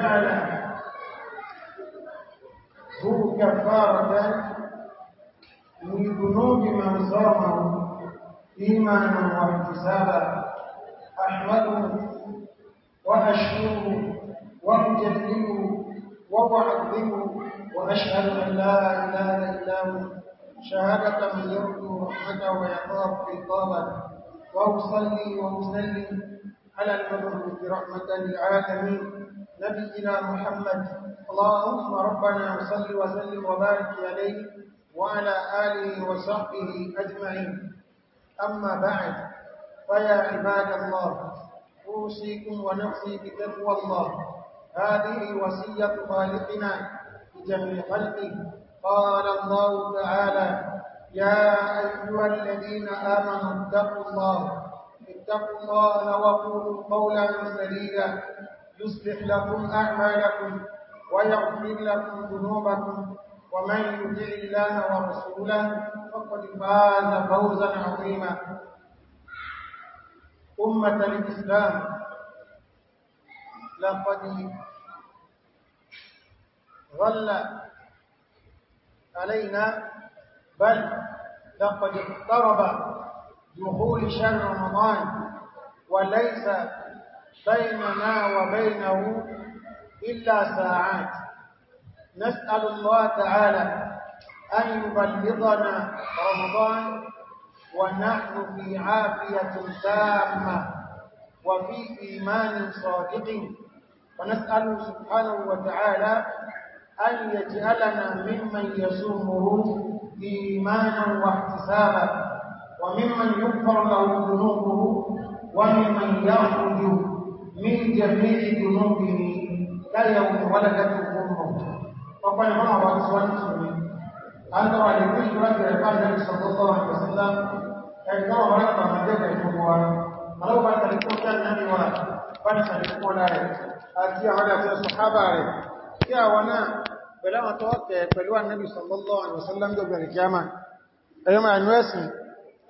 جعل هو كفارة من ذنوب من صامه إيمانا واحتسابا أحمده وأشكره وأجلله وأعظمه وأشهد أن لا إله إلا هو شهادة من يرجو رحمته ويخاف خطابا وأصلي وأسلم على المبعوث رحمة للعالمين نبينا محمد اللهم ربنا صل وسلم وبارك عليه وعلى آله وصحبه أجمعين أما بعد فيا عباد الله أوصيكم ونفسي بتقوى الله هذه وصية خالقنا لجميع خلقه قال الله تعالى يا أيها الذين آمنوا اتقوا الله اتقوا الله وقولوا قولا سديدا يصلح لكم أعمالكم ويغفر لكم ذنوبكم ومن يطع الله ورسوله فقد فاز فوزا عظيما أمة الإسلام لقد ظل علينا بل لقد اقترب دخول شهر رمضان وليس بيننا وبينه إلا ساعات نسأل الله تعالى أن يبلغنا رمضان ونحن في عافية تامة وفي إيمان صادق فنسأل سبحانه وتعالى أن يجعلنا ممن يصومه إيمانا واحتسابا وممن يغفر له ذنوبه وممن يخرج من جميع ذنوبه لا يوم ولدته امه وقال ما هو اسوان المسلمين أن ترى لكل رجل قال النبي صلى الله عليه وسلم أن ترى رقبة من جد الجمهور ولو بعد الكون كان النبي ولا فنسى الكون أتي على الصحابة يا ونا بلا ما توقع فلوان النبي صلى الله عليه وسلم قبل القيامة أيما أنواسي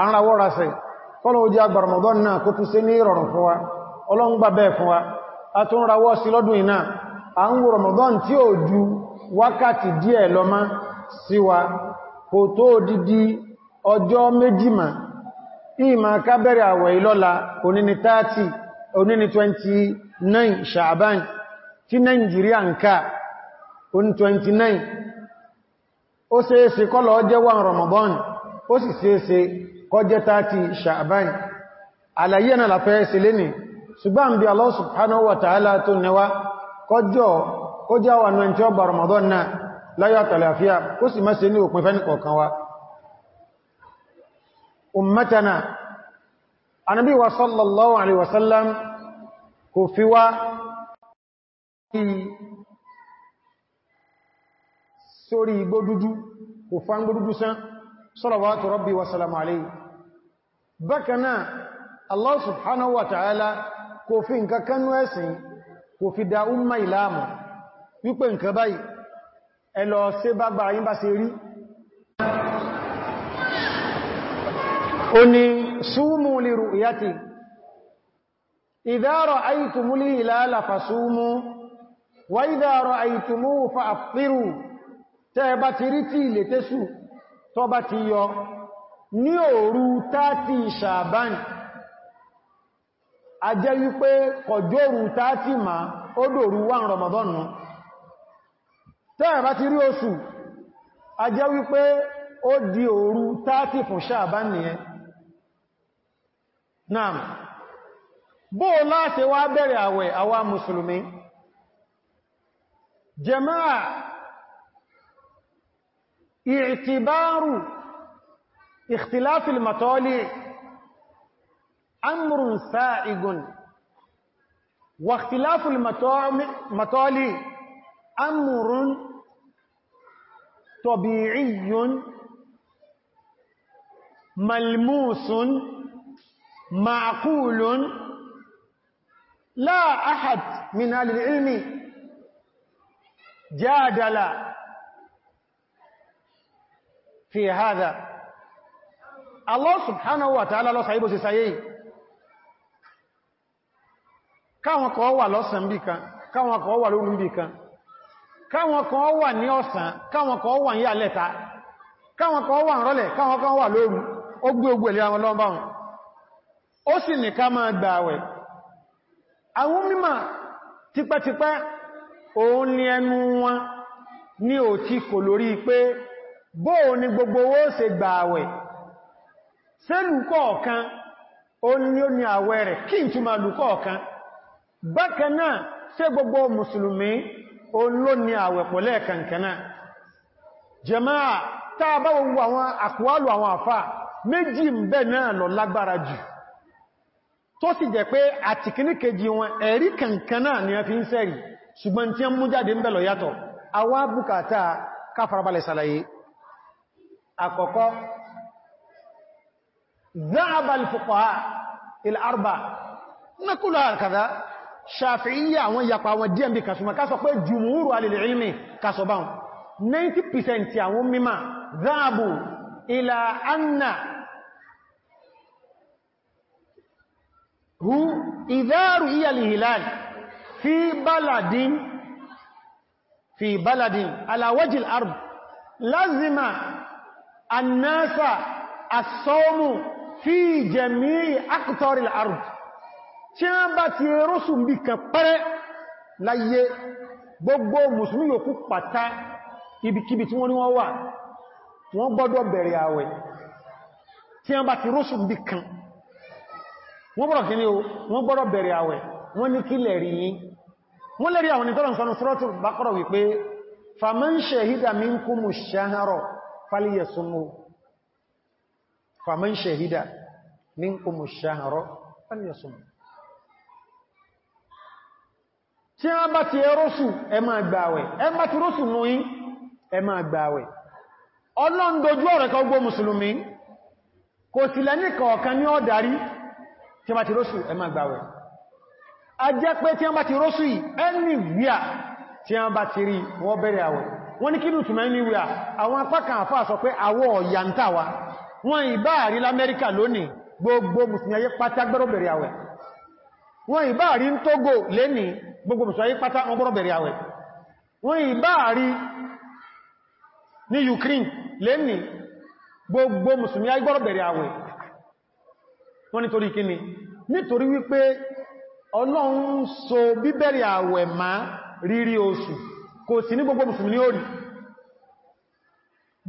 àràwọ́ra sí kọ́lọ̀ ojú agbà Ramadan náà kó tún sí ní ìrọ̀rùn fún wa Ọlọ́run bẹ́ẹ̀ fún wa a tún rawọ́ sí lọ́dún iná a ń wo Ramadan tí ó ju wákàtí díẹ̀ lọ́má sí wa kò tó didi ọjọ́ méjìmá ìmá kábẹ̀rẹ̀ àwẹ̀ ìlọ́la oníni 30 oníni 29 Sha'ban tí 29 kọ́lọ̀ ọjẹ́ Ramadan ó kọjẹ́ 30 ṣàbáyìn àlàyé náà làfẹ́ sílé ní ṣùgbọ́n bí Allah subhanahu wa ta'ala tó nẹwà kọjọ́ kọjá wà náà tí ó bá Ramadan náà láyọ̀ àtàlàfíà ó sì mẹ́sẹ̀ ní òpin fẹ́ nìkọ̀ọ̀kan igbó dúdú kò fa gbó dúdú sán salawatu rabbi wa salamu alaihi bákanáà Allah subhanahu wa ta'ala kò fi nǹkan kanú ẹ̀sìn kò fi da umma ìlàmù wípé nǹkan báyìí ẹ lọ sí bá bá yín bá ṣe rí ó ní súnmù li ru'yati idha ra'aytumul hilala fasumu wa idha ra'aytumuhu fa'aftiru tẹ́ bá ti rí tí ilẹ̀ tẹ́sù tọ́ ti yọ ní òru 30 ṣàbán a jẹ́ wípé kọjọ́rù 30 ma ó dòrú wà Ramadan nù tẹ́ẹ̀bá ti rí oṣù a jẹ́ wípé ó di òru 30 fún ṣàbán nìyẹn náà bó láti wá bẹ̀rẹ̀ àwẹ̀ àwà mùsùlùmí jẹ́máà اختلاف المطالع أمر سائغ واختلاف المطالع أمر طبيعي ملموس معقول لا أحد من أهل العلم جادل في هذا Allah subhanahu wa ta'ala lọ́sà ibò sí sayé káwọn kan wà lọ́sàn bí kan káwọn kan wà lórí bí kan káwọn kan wà ní ọ̀sán káwọn kan wà ní alẹ́ta káwọn kan wà rọ́lẹ̀ káwọn wà ó gbé àwọn bóò ni gbogbo owó ṣe gbà ṣe lùkọ́ ọ̀kan ó ní ó ní àwẹ̀ rẹ̀ kí n tún ma lùkọ́ ọ̀kan bákan náà ṣe gbogbo mùsùlùmí ó ló ní àwẹ̀ pọ̀lẹ́ kankaná jẹmáà táa bá gbogbo àwọn àkúwálù àwọn àfà méjì ń bẹ náà lọ lágbára jù tó sì jẹ́ pé àtìkíníkejì wọn ẹ̀rí kankaná ni a fi ń sẹ́rì ṣùgbọ́n tí ń mú jáde ń bẹ lọ yàtọ̀ àwa bùkátà káfarabalẹ̀ sàlàyé àkọ́kọ́ ذهب الفقهاء الاربع نقول هكذا شافعيه وان يقوا وديان بك ثم كسو بقى جمهور اهل العلم كسو باو 90% ياهم مما ذهبوا الى ان هو اذا رؤي الهلال في بلد في بلد على وجه الارض لازم الناس الصوم fi jẹ̀mí akùtọ́rì àrùd tí a bá ti rọ́sù bí kan pẹ́rẹ́ láyé gbogbo musulmi yòókù pàtà ibikíbi tí wọ́n ní wọ́n wà wọ́n gbọ́dọ̀ bẹ̀rẹ̀ àwẹ̀ tí a bá ti rọ́sù bí kan wọ́n gbọ́dọ̀ kí ní o wọ́n gbọ́dọ̀ bẹ̀rẹ̀ àwẹ̀ wọ́n فمن شهد منكم الشهر فليصم tí a bá ti ẹrọ́sù ẹ máa gbààwẹ̀ ẹ bá ti rọ́sù mú yí ẹ máa gbààwẹ̀ ọlọ́n dojú ọ̀rẹ́ kan gbó mùsùlùmí kò sí lẹ́ní kọ̀ọ̀kan ní ọ̀darí tí a bá ti rọ́sù ẹ máa gbààwẹ̀ a jẹ́ pé tí a bá ti rọ́sù yìí ẹni wíà wọ́n ìbá àrí lamẹ́ríkà lónìí gbogbo mùsùlùmí ayé pátá gbọ́rọ̀ bẹ̀rẹ̀ àwẹ̀ wọ́n ìbá àrí ń tógò lẹ́ni gbogbo mùsùlùmí ayé pátá wọ́n àwẹ̀ wọ́n ìbá àrí ní Ukraine lẹ́ni gbogbo mùsùlùmí ayé gbọ́rọ̀ bẹ̀rẹ̀ àwẹ̀ wọ́n nítorí kíni nítorí wípé Ọlọ́run so bíbẹ̀rẹ̀ àwẹ̀ má rírí oṣù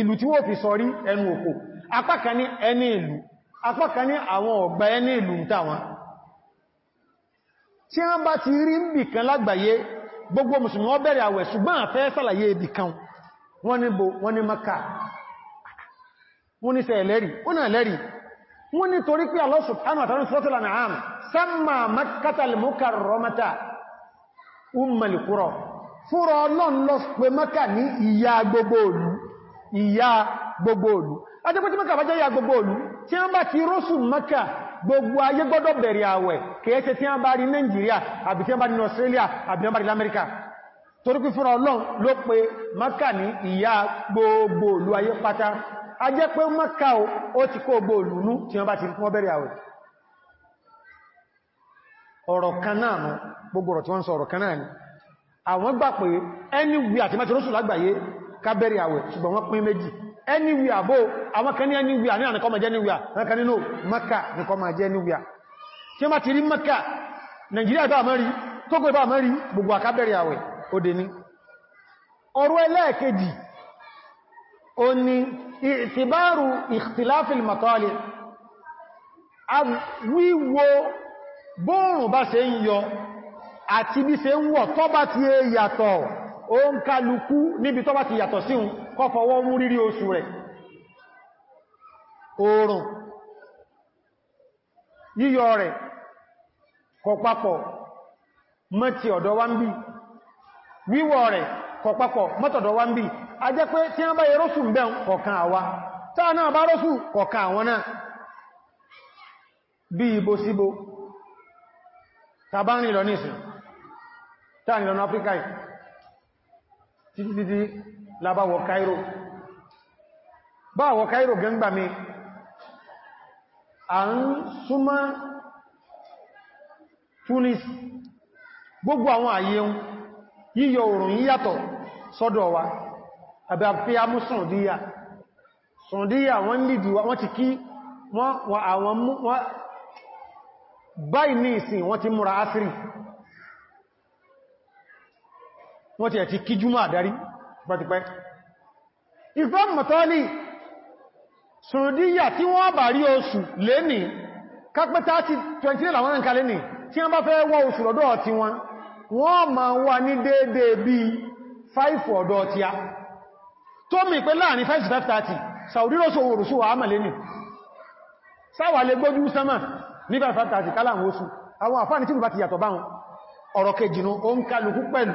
ìlú tí wọ́n fi sọrí ẹnu òkò apáka ní ẹni ìlú apáka ní àwọn ọ̀gbà ẹni ìlú ń tàwọn tí wọ́n bá ti rí kan gbogbo mùsùlùmí wọ́n bẹ̀rẹ̀ àwẹ̀ ṣùgbọ́n àfẹ́ sàlàyé ibì kan wọ́n maka wọ́n ni sẹ́ lẹ́rì wọ́n náà torí pé Allah subhanahu wa ta'ala maka ní ìyá gbogbo òlú ìyá gbogbo òlú ajẹ́pẹ́ tí mẹ́kà bá jẹ́ ìyá gbogbo òlú tí wọ́n bá ti rọ́sù mẹ́kà gbogbo ayé gbọ́dọ̀ bẹ̀rẹ̀ àwẹ̀ tí bá rí Nigeria àbí tí bá Australia àbí wọ́n bá rí America torí ló pé mẹ́kà ní ìyá gbogbo òlú ayé pátá mẹ́kà ó ti kó gbogbo òlú nú tí bá ti fún kan náà gbogbo ọ̀rọ̀ tí wọ́n sọ ọ̀rọ̀ kan náà ni àwọn kábẹ̀rẹ̀ àwẹ̀ ṣùgbọ́n wọ́n pín méjì anywhere bó àwọn kan ní anywhere ní àníkọ́ ma jẹ́ anywhere wọ́n kan nínú maka nìkọ́ ma jẹ́ anywhere tí ó má ti rí maka Nigeria bá mọ́rí Togo bá mọ́rí gbogbo àkábẹ̀rẹ̀ àwẹ̀ òdè ni ọ̀rọ̀ ẹlẹ́ẹ̀kejì ó ní ìtìbáàrù ìtìláfil matali wíwo bóòrùn bá ṣe ń yọ àti bí ó ń kálukú níbi tó bá ti yàtọ̀ sí un kó fọwọ́ mú rírí oṣù rẹ̀ oòrùn yíyọ rẹ̀ kò papọ̀ rẹ̀ a jẹ́ pé tí wọ́n bá yẹ rọ́sù ń kọ̀kan bá rọ́sù kọ̀kan àwọn náà bí ibo síbo tàbá ń rìn lọ ní ìsìn ń rìn títí títí lábáwọ̀ Cairo báwọ̀ Cairo gẹ́ngbà mi a ń súnmọ́ Tunis gbogbo àwọn àyè ohun yíyọ òòrùn yíyàtọ̀ sọ́dọ̀ wa àbí àfi amú sọ̀ndíyà sọ̀ndíyà wọ́n lìdí wọ́n ti kí wọ́n àwọn báyìí ní ìsìn wọ́n ti múra asiri wọ́n ti ẹ̀tí kí júmọ́ àdárí pẹ́tipẹ́ ìfẹ́ mọ̀tọ́lì sùrùdíyà tí wọ́n bà rí oṣù lẹ́ni kápẹ́tà ti 29 àwọn nǹkan lẹ́ni tí wọ́n bá fẹ́ wọ́ oṣù lọ́dọ̀ ti wọn wọ́n ma wà ní dédé bí Saudi ló sọ òrùsù wà ámà lẹ́ni sáwà lè gbójú sẹ́mà ní 5-5-30 kálà àwọn oṣù àwọn àfáà ní tí ìrùbá ti yàtọ̀ báwọn ọ̀rọ̀ kejì ní ó ń kálukú pẹ̀lú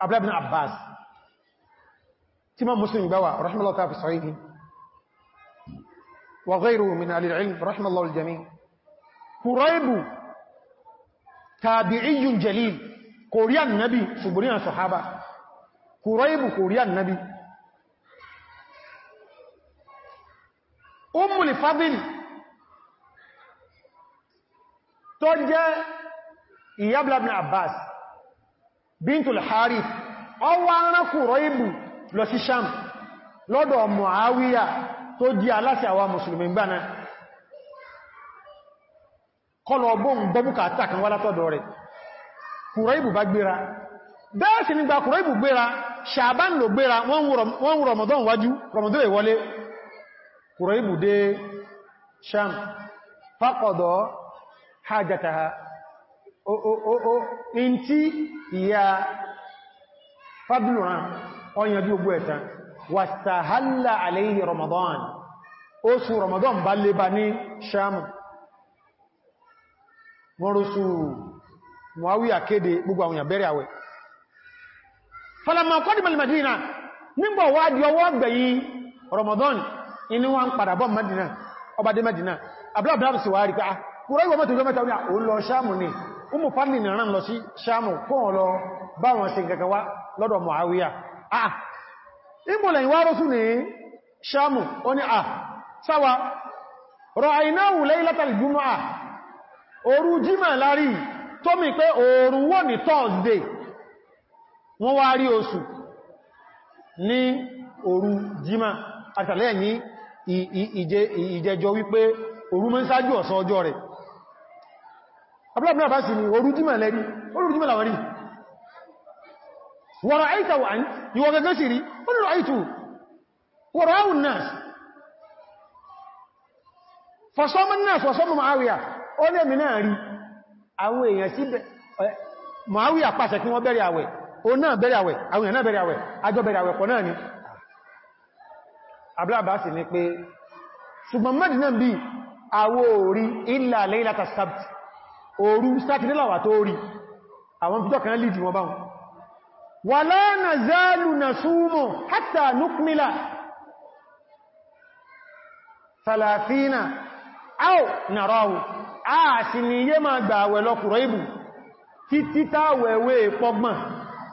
Abdullah ibn Abbas tí ma Muslim gbáwà rahimallahu ta fi sahihi wa ghayruhu min ahli al-ilm rahimallahu al-jami' Kuraibu tabi'iyyun jalil kòríàn nabi ṣùgbòríàn sahaba Kuraibu kòríàn nabi Ummul Fadl tó jẹ́ ìyá Abdullah ibn Abbas bintu harith ọ wá ránkù rọ́ìbù lọ sí sham lọ́dọ̀ Muawiya tó di aláṣẹ àwa musulmi gbána kọlọ ọgbọ́n gbọ́bùkà àtàkàn wá látọ̀dọ̀ rẹ̀ kùrọ́ìbù bá gbéra bẹ́ẹ̀ sì nígbà kùrọ́ìbù gbéra ṣàbán ló gbéra wọ́n wù rọmọdán wájú rọmọdán ìwọlé dé sham in ya ìyá fábùnà ọ̀yànjú ogbó ẹ̀tàn wàtàhálà alayhi Ramadan oṣù Ramadan bá lè bá ní Muawiya kéde gbogbo àwọn bere àwẹ̀ falamma qadima al-Madina nígbà wá di ọwọ́ gbẹ̀yí Ramadan inú wọn padà bọ́ Madina ọba dé Madina abúlábùlábù sí wá rí pé ah kúrò ìwọ̀n mọ́tò jọ mẹ́ta ní àwọn ah, olóṣàmù ni umu fadli ní rán lọ sí ṣámù kóhùn lọ bá wọn ṣe gẹ̀gẹ̀ wá Muawiya ah ìbòlẹ̀ ah. ìwá rọ́sù ní ṣámù ó ní ah sawa ra'aynahu laylatal jumu'ah òru jímà lárí tó mi pé òru wa ní Thursday ni oru jima oṣù ní ije jímà àtàlẹ́yìn ìjẹjọ wípé òru mọ́ sáájú ọ̀sán ọjọ́ rẹ̀ abúlábùn àbá sí ni orú jímà lẹ́rí orú jímà làwárí wọ̀rọ̀ àìta wà ní ìwọ̀ gẹ́gẹ́ sí rí olùrọ̀ àìtù wọ̀rọ̀ áwùn náà fọ̀sọ́mọ́ náà fọ̀sọ́mọ́ Muawiya ó ní ẹ̀mì náà rí àwọn èèyàn sí Muawiya pàṣẹ kí wọ́n bẹ̀rẹ̀ àwẹ̀ ó náà bẹ̀rẹ̀ àwẹ̀ àwọn èèyàn náà bẹ̀rẹ̀ àwẹ̀ àjọ bí àwọ̀ orí illa laylata sabt òru sátidélàwà tó rí àwọn fíjọ́ kan lè jù wọn báhùn wà lánà záàlù na súnmọ̀ hátà núkmílà falafina áò na ráwù a sì ní yé máa gbà àwẹ̀ lọ́kùrọ̀ ìbù títí táwẹ̀wẹ̀ pọ́gbọ̀n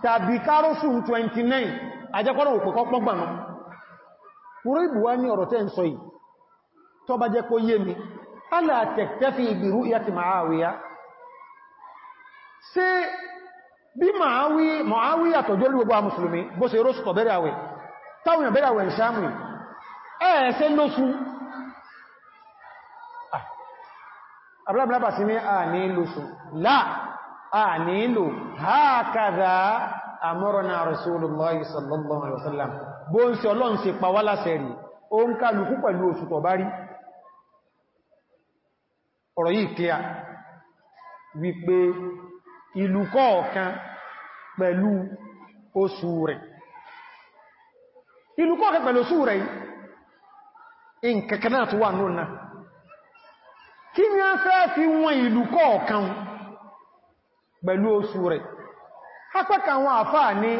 tàbí kárọ́sù 29 ajẹ́kọ́rọ̀ òpòkọ́ pọ́gbọ̀n náà kúrò ìbù wá ní ọ̀rọ̀ tẹ́ ń sọ yìí tó bá jẹ́ máa wíyá ṣe bí Muawi àtọ̀jọ́ lú gbogbo mùsùlùmí bó ṣe rósùkọ̀ bẹ̀rẹ̀ àwẹ̀ táwọn bẹ̀rẹ̀ àwẹ̀ ìṣàmù ẹ̀ẹ́sẹ́ lóṣù ah, abúlábùlábà sí ní àní lóṣù láà àní lò hákàdá àmọ́rọ̀nà Rasulullahi sallallahu alaihi wasallam bó ń ṣe ọlọ́run ṣe pa wá láṣẹ rí ó ń kálukú pẹ̀lú oṣù tó bá rí ọ̀rọ̀ yìí kíyà wípé ìlú kọ̀ọ̀kan pẹ̀lú oṣù rẹ̀ ìlú kọ̀ọ̀kan pẹ̀lú oṣù rẹ̀ in kẹkẹ̀nà tó wà náà kí ni a fẹ́ fi wọn ìlú kọ̀ọ̀kan pẹ̀lú oṣù rẹ̀ apẹ́kà àwọn ní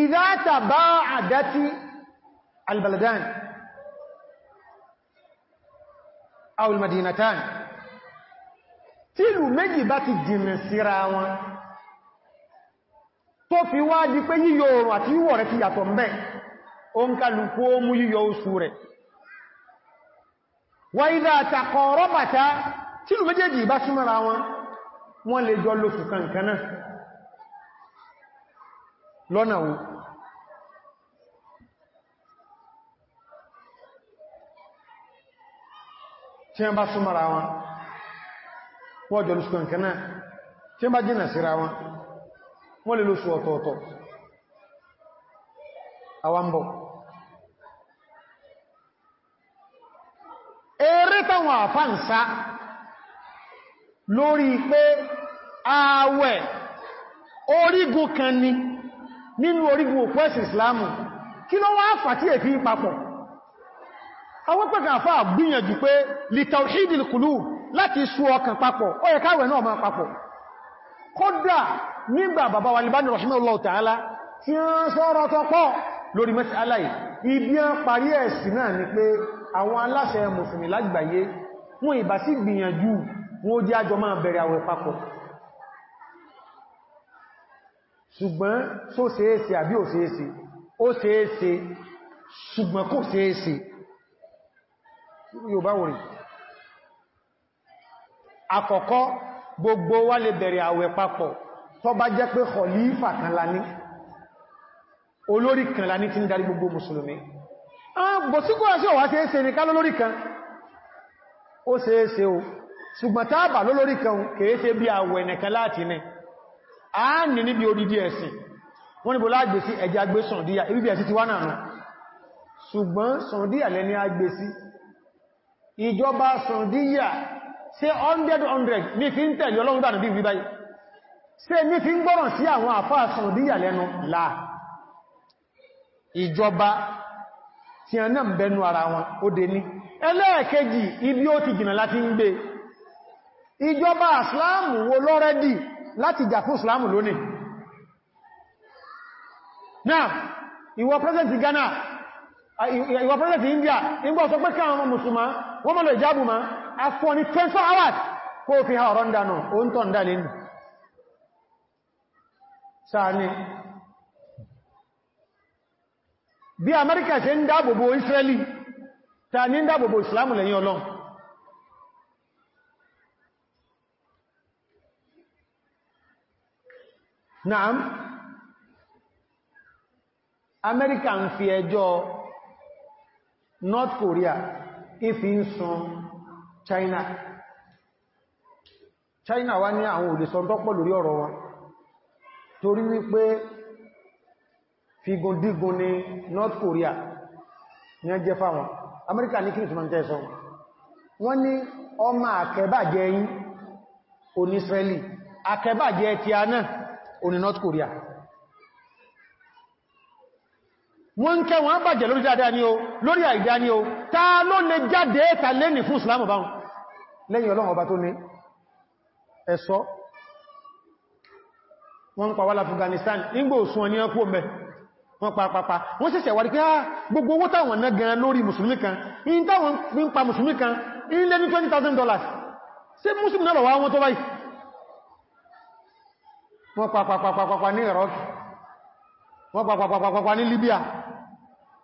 ìdáta bá àdátí albaladan aw almadinatan tí ìlú méjì bá ti jìnnà síra wọn tó fi wá di pé yíyọ oòrùn àti ìwọ̀ rẹ̀ ti yàtọ̀ mbẹ̀ o ń kàlùkú ó mú yíyọ oṣù rẹ̀ wà ìdá àtàkọ̀ rọ́bàtá tí méjèèjì bá súnmọ́ra wọn wọ́n lè jọ lóṣù kankaná wọ́n jọ lóṣù kankan náà tí wọ́n bá jìnà síra wọn wọ́n lè lóṣù ọ̀tọ̀ọ̀tọ̀ àwambọ̀ eré táwọn àfáǹsá lórí pé ààwẹ̀ orígun kan ni nínú orígun òpó ẹ̀sìn islamu kí ló wá fàtí èfí papọ̀ àwọn pẹ̀kà àfáà gbìyànjú pé li tawhidil qulub láti sú ọkàn papọ̀ ó yẹ káwẹ̀ náà máa papọ̀ kódà nígbà bàbá wa Albani rahimahullahu ta'ala tí wọ́n sọ̀rọ̀ tó pọ̀ lórí mẹ́sàlá yìí ibi ń parí ẹ̀sì náà ni pé àwọn aláṣẹ mùsùlùmí lágbàáyé wọn ìbá sí gbìyànjú wọn ó jẹ́ àjọ máa bẹ̀rẹ̀ àwẹ̀ papọ̀ ṣùgbọ́n só ṣeéṣe àbí ò ṣeéṣe ó ṣeéṣe ṣùgbọ́n kò ṣeéṣe yóò bá wòrìn àkọ́kọ́ gbogbo wa lè bẹ̀rẹ̀ àwẹ̀ papọ̀ tó bá jẹ́ pé khalifa kan la ní olórí kan la ní tí ń darí gbogbo mùsùlùmí bọ̀ sí kó àṣí ọ̀wá ṣeéṣe ní ká lólórí kan ó ṣeéṣe o ṣùgbọ́n táàbà lólórí kan kèéṣe bí àwẹ̀ nìkan láti ní a ní níbi odidi ẹ̀sìn wọ́n níbo láàgbé sí ẹjẹ́ agbé sọ̀ndíyà ibi ẹ̀sìn ti wá náà ṣùgbọ́n sọ̀ndíyà lẹ́ni agbé sí ìjọba sọ̀ndíyà ṣe 100-100 ní fi ń tẹ̀lé ọlọ́run dànù bí wíbáyí ṣe ní fi ń gbọ́ràn sí àwọn àfáà sọ̀díyà lẹ́nu là ìjọba tí a náà bẹnu ara wọn ó dé ní ẹlẹ́ẹ̀kejì ibi ó ti jìnà láti ń gbé ìjọba àsìláàmù wo lọ́rẹ́dì láti jà fún ìsìláàmù lónìí náà ìwọ president Ghana ìwọ president India ìgbọ́ sọ pé káwọn ọmọ mùsùlùmí wọ́n mọ́lọ̀ ìjábù máa afọ́ ni 24 hours kó fi ha ọ̀rọ̀ dánù o ń tọ́ ń dálé nù sáàni bí amẹ́ríkà ṣe ń dáàbòbò israeli ta ní ń dáàbòbò islamu lẹ́yìn ọlọ́n naam amẹ́ríkà ń fi ẹjọ́ north korea ifi ń sun China China wá ní àwọn òlè sọ tọ́pọ̀ lórí ọ̀rọ̀ wọn torí wípé figundígun ni North Korea ní ẹjẹ́ fáwọn Amẹ́ríkà ní kìrìtì máa ń tẹ́ẹ̀sọ́ wọ́n ní ọmọ àkẹbàjẹ́ yìí oní Israeli àkẹbàjẹ́ a náà oní North Korea wọ́n ń kẹ́ wọ́n bàjẹ́ lórí dáadáa ní o lórí àìdá ní o ta ló lè jáde ta lè ní fún ìsìlámù báhùn lẹ́yìn ọlọ́run ọba tó ní ẹ̀ṣọ́ wọ́n pa wálá Afghanistan nígbò òsùn wọn ní ọkú ọmọ wọn pàpàpà wọ́n ṣẹ̀ṣẹ̀ wà rí pé ah, gbogbo owó táwọn ná gan lórí mùsùlùmí kan in táwọn ń pa mùsùlùmí kan in lé ní $20,000 sí mùsùlùmí náà lọ́wọ́ wọn pàpàpàpàpà ní Iraq wọ́n pàpàpàpàpà ní Libya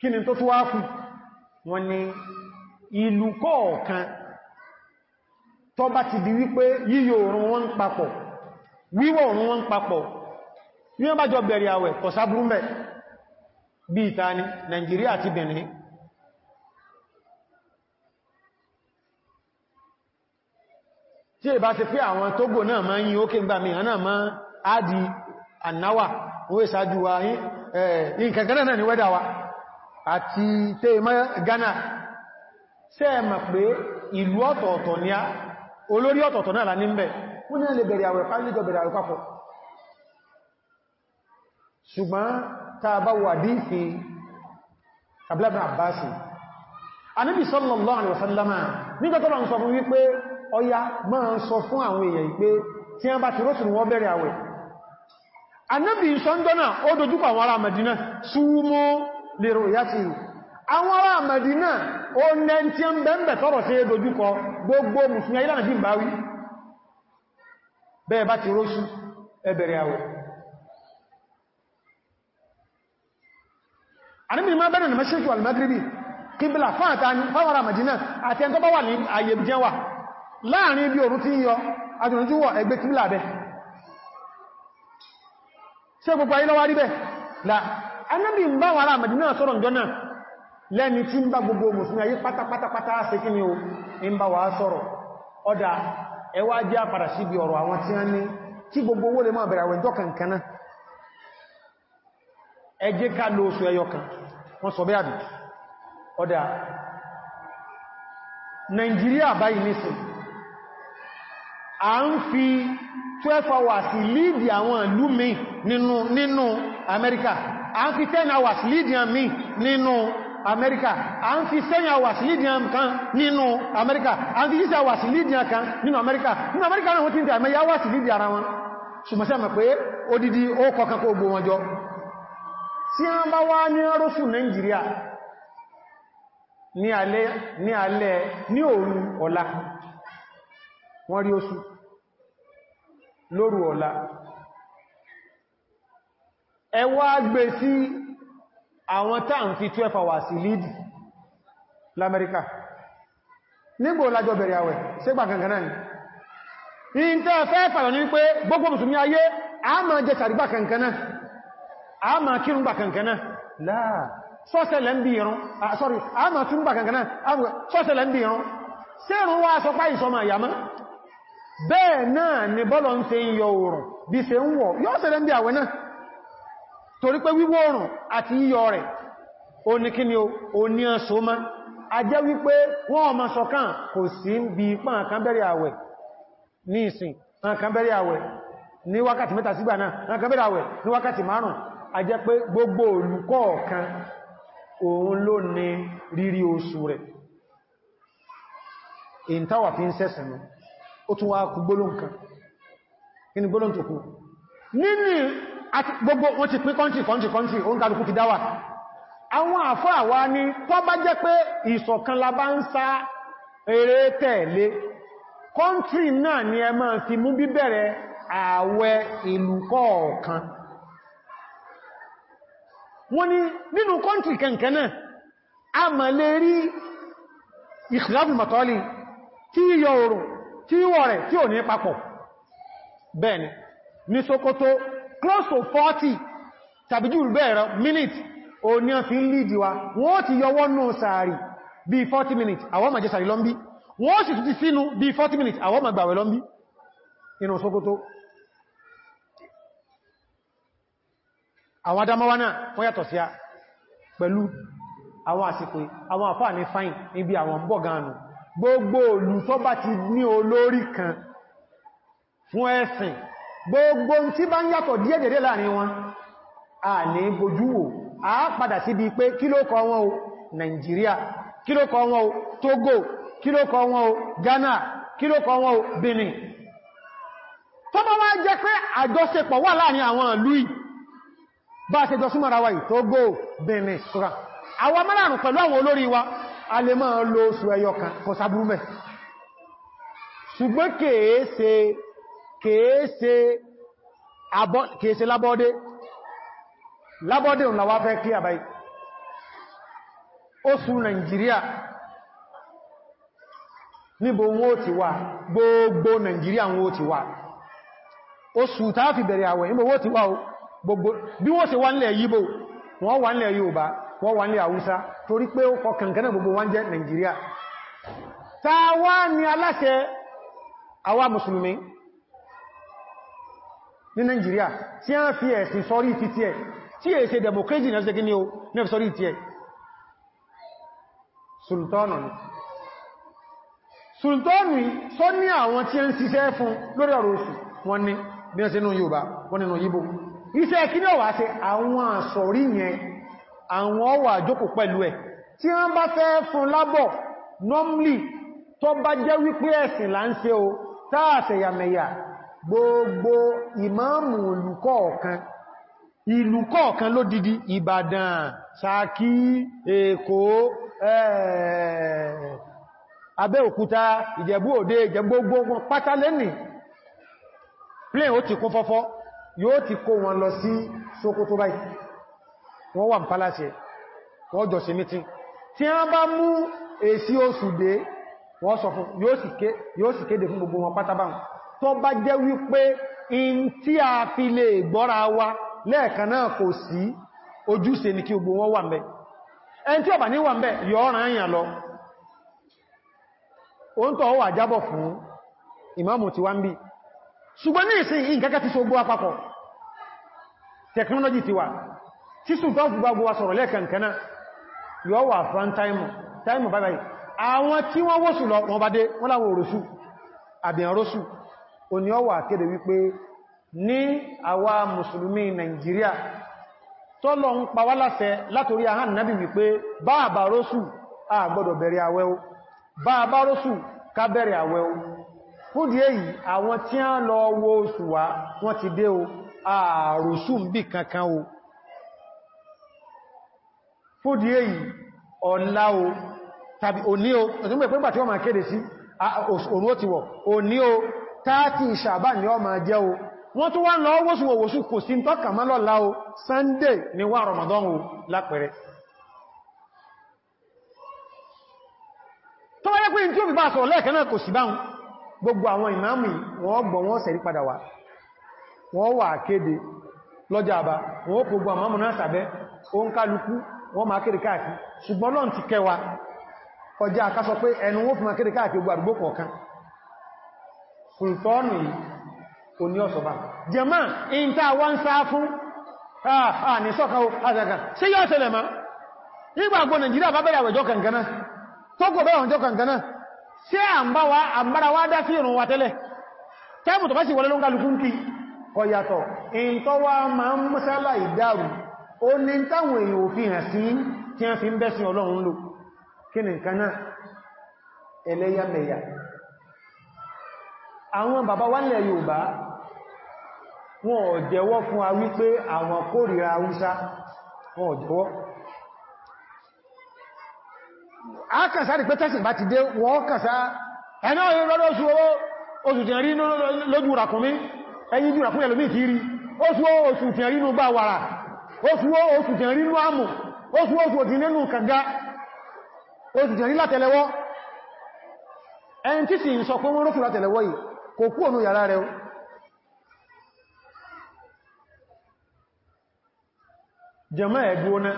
kí ni tó tó wá fún wọn ni ìlú kọ̀ọ̀kan tó bá ti di wípé yíyọ òrùn wọn papọ̀ wíwọ̀ òrùn wọn papọ̀ ní wọ́n bá jọ bẹ̀rẹ̀ àwẹ̀ kọ̀sábrúmẹ̀ bí ìta ni Nàìjíríà àti Benin tí è bá ti pé àwọn tógò náà máa yí ókè gbà mí àná máa ádi ànáwà ó ìsájú wa yí nǹkan gánà náà ni wẹ́dà wa àti tèèmọ́ Ghana sẹ́ẹ̀mọ̀ pé ìlú ọ̀tọ̀ọ̀tọ̀ ní á olórí ọ̀tọ̀ọ̀tọ̀ náà ní mẹ́ wọ́n ní lè bẹ̀rẹ̀ àwẹ̀ pálíjọ bẹ̀rẹ̀ àwẹ̀ papọ̀ ṣùgbọ́n tàbá wà díìsì abúlábìn àbáṣì sallallahu alaihi wasallama nígbà tó lọ sọ fún wípé ọya máa ń sọ fún àwọn èèyàn pé tí wọ́n bá ti rótùn wọ́n bẹ̀rẹ̀ lèrò ìyàtì àwọn ará Mẹ̀dínà ó nẹ tí ó ń bẹ̀m̀bẹ̀ tọ́rọ̀ sí dojúkọ gbogbo mùsùlùmí ayílànà bí bá wí bẹ́ẹ̀ bá ti róṣù ẹbẹ̀rẹ̀ àwọ̀ àníbìnrin máa bẹ̀rẹ̀ mẹ́ṣẹ́kù al-Maghribi kíbìlà fáwọn ará Mẹ̀dínà àti ẹn tó bẹ́ anábì ń bá wàrà àmàdínà sọ́rọ̀ jọna lẹ́ni tí ń bá gbogbo mùsùlùmí ayé pátápátápátá sí kí ni o ń bá wà sọ́rọ̀ ọdá ẹwà àpàdà síbi ọ̀rọ̀ àwọn tí a ní tí gbogbo owó lè máa bẹ̀rẹ̀ àwẹ̀jọ́ kankaná ẹjẹ́ lo a ń fi 10 hours leading mi nínú amerika a ń fi 10 hours leading kan nínú amerika a ń fi 6 hours kan nínú amerika nínú amerika náà wọ́n ti ń ya àmẹ́yà hours leading ara wọn ṣùgbọ́n odidi ó kọkàn kó gbò wọn jọ tí a bá wá ní rọ́fù Nàìjíríà ní alẹ́ ní alẹ́ ní òru ọ̀la wọ́n rí lóru ẹ gbé sí àwọn tá ń fi 12 hours lídì l'Amẹ́ríkà nígbò lájọ bẹ̀rẹ̀ àwẹ̀ sígbà gangan náà ni fẹ́ fàyọ̀ pé gbogbo mùsùlùmí ayé a ma jẹ sàrígbà kankan náà a ma kírùn gbà kankan náà sọ́sẹ̀lẹ̀ ń ma sẹ́rùn wá sọpá àyàmá bẹ́ẹ̀ náà ni bọ́lọ̀ ń ṣe yọ oòrùn bí ṣe ń torí pé wíwọ̀ oòrùn àti yíyọ rẹ̀ oníkíni oní ọ̀sọ́má a jẹ́ wípé wọ́n ọmọ sọkàn kò sí bí ipá àkànbẹ̀rẹ̀ àwẹ̀ ní ìsìn àkànbẹ̀rẹ̀ àwẹ̀ ní wákàtí mẹ́ta sígbà náà àkànbẹ̀rẹ̀ àwẹ̀ ní wákàtí márùn a jẹ́ pé gbogbo olùkọ́ ọ̀kan òun ló ní rírí àti gbogbo wọ́n ti pín kọ́ntì kọ́ntì kọ́ntì oún kàrùkú ti dáwà àwọn àfáà wa ni tó bá jẹ́ pé ìṣọ̀kan la bá ń sá eré tẹ̀lé kọ́ntì náà ni ẹ máa fi mú bíbẹ̀rẹ̀ ààwẹ̀ ìlú kọ̀ọ̀kan wọ́n ni nínú kọ́ntì kẹ̀kẹ́ náà a mọ̀ lè rí ìkìláfù mọ̀tọ́lì close to 40 tàbí jù bẹ́ẹ̀rọ minute o ní a fi ń lead wa wọ́n ti yọwọ́ nù sàárì bí 40 minutes àwọn ma jẹ sàárì lọ́mbí wọ́n sì tún ti sínú bí 40 minutes àwọn ma gbàwẹ̀ lọ́mbí inú Sókótó àwọn Adamawa náà wọ́n yàtọ̀ sí a pẹ̀lú àwọn àsìkò àwọn àfáà ní fáìn níbi àwọn bọ́gánù gbogbo olù ti ní olórí kan fún ẹ̀sìn gbogbo tí bá ń yàtọ̀ díẹ̀dẹ̀dẹ̀ láàrin wọn a ní bojú wò a padà síbi pé kí ló kọ wọn o Nigeria kí ló kọ wọn o Togo kí ló kọ wọn o Ghana kí ló kọ wọn o Benin tó bá wá jẹ́ pé àjọṣepọ̀ wà láàrin àwọn ìlú bá ṣe jọ súnmọ́ra wáyìí Togo Benin kọ́ra àwọn mẹ́rànrùn pẹ̀lú àwọn olórí wa a lo oṣù ẹyọ kan kọsàbúrúmẹ̀ ṣùgbọ́n kèé ṣe kèése lábọ́dé lábọ́dé òun làwá fẹ́ kí àbáyé oṣù Nàìjíríà níbo ó ti wà gbogbo Nàìjíríà wọn ó ti wà fi bẹ̀rẹ̀ àwẹ̀ níbo wọ́n ti wà gbogbo bí wọ́n ṣe wà nílẹ̀ Yíbò wọ́n wà nílẹ̀ wọ́n wà nílẹ̀ torí pé ó kọ gbogbo ní Nigeria tí a fi ẹ̀sìn sọrí títí ẹ̀ tí è ṣe democracy náà ṣe kí ní o ní ẹ̀fẹ́ sọrí títí ẹ̀ sultanu ni sultanu sọ ní àwọn tí a ń ṣiṣẹ́ fún lórí ọ̀rọ̀ oṣù wọn ni bí wọ́n ṣe nú Yorùbá wọn nínú yíbo iṣẹ́ kí ní ọ̀wà ṣe àwọn àṣọ̀rí yẹn àwọn ọwà àjókò pẹ̀lú ẹ̀ tí wọ́n bá fẹ́ fún lábọ̀ normally tó bá jẹ́ wípé ẹ̀sìn là o táàṣẹ̀yàmẹ̀yà gbogbo ìmáàmù olùkọ̀ọ̀kan ìlú kọ̀ọ̀kan ló didi Ìbàdàn Ṣakí Èkó eh, Abẹ́òkúta Ìjẹ̀bú Òde Ìjẹ̀bú gbogbo pátá lẹ́nì plane ó ti kún fọ́fọ́ yóò ti kó wọn lọ sí Sókótó báyìí wọ́n wà ń pálásì wọ́n jọ sí mítí tí a bá mú èsì oṣù dé wọ́n sọ fún yóò sì tó bá jẹ́ wípé in tí a fi lè gbọ́ra wa lẹ́ẹ̀kan náà kò sí ojúṣe ní kí gbogbo wọn wà mẹ́ ẹni tí ọ̀bà ní wà mẹ́ yọ ọ̀ràn àyàn lọ oún tọ́ wà jábọ̀ fún ìmáàmù tí wá ń bí ṣùgbọ́n ní ìsìn wa time time bye bye àwọn tí wọ́n wọ́sù lọ wọ́n bá dé wọ́n láwọn òròsù àbìyàn rósù òní ọwà kéde wípé ní àwa mùsùlùmí Nàìjíríà tọ́lọ ń pa wá láṣẹ látorí ahán nábì wípé bá àbárósù a gbọ́dọ̀ bẹ̀rẹ̀ àwẹ̀ o bá àbárósù ká bẹ̀rẹ̀ àwẹ̀ o fúdí èyí àwọn tí a lọ wo oṣù wá wọ́n ti dé o àrùsù ń bì kankan o fúdí èyí ọ̀la o tàbí òní o òní o tààtì ìṣàbá ni ọ ma jẹ́ o wọ́n tó wá ń lọ wọ́sùwọ̀wọ́sù kò sí tọ́kà má lọ́la o Sunday ni wá Ramadan o lápẹẹrẹ tó wáyé pé tí ó fi bá sọ lẹ́ẹ̀kẹ́ náà kò sí báhùn gbogbo àwọn ìmáàmù wọ́n gbọ́ wọ́n sẹ̀rí padà wá wọ́n wà kéde lọ́jà àbá wọ́n àmọ́mù náà sàbẹ́ ó ń kálukú wọ́n máa kéde káàkiri ṣùgbọ́n lọ́n ti ọjà akásọ pé ẹnu wọ́n fi máa kéde káàkiri gbogbo àdúgbò kọ̀ọ̀kan kùntọ́nù kò ní ọ̀sọ̀bá jẹmá in ta wọ́n sá fún àà ní sọ́kà àzàkà sí yọ́ sẹlẹ̀ ma nígbàgbọ́ Nàìjíríà bá bẹ̀rẹ̀ àwẹ̀jọ́ kankana tókò bẹ̀rẹ̀ àwẹ̀jọ́ kankana sí àmbáwá àmbárawá dá sí ìrùn wa tẹ́lẹ̀ tẹ́mù tó bá sì wọlé lóńkàlùkún kí ọ̀yàtọ̀ in tó wá ma ń mọ́sálà ìdáàrù ó ní táwọn èèyàn òfin hàn sí tí a fi ń bẹ́sìn Ọlọ́run lò kí nìkan náà ẹlẹ́yàmẹ̀yà àwọn bàbá wálẹ̀ Yorùbá wọn ò jẹ́wọ́ fún wa wípé àwọn kórìíra Haúsá wọn ò jẹ́wọ́ ákànsá rí pé tẹ́sìn bá ti dé wọ́n kànsá ẹ̀nà ìrọ́rọ̀ oṣù owó oṣù tí rí lójú ràkúnmí ẹ̀yìn jú ràkúnmí ẹlòmí kìí rí oṣù oṣù tí rí nú bá wàrà oṣù oṣù tí rí nú ẹni tí sì ń sọ pé wọ́n rókù látẹlẹwọ́ yìí kò kú ònú yàrá rẹ̀ jẹmọ́ ẹ̀gbóná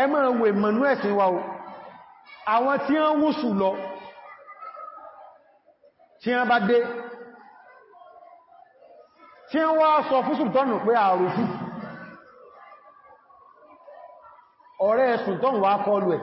ẹ máa wè mọ̀nú ẹ̀sìn wa o àwọn tí wọ́n wúsù lọ tí wọ́n bá dé tí wọ́n wá sọ fún sùtọ́nù pé àrùfù ọ̀rẹ́ sùtọ́nù wá kọlu ẹ̀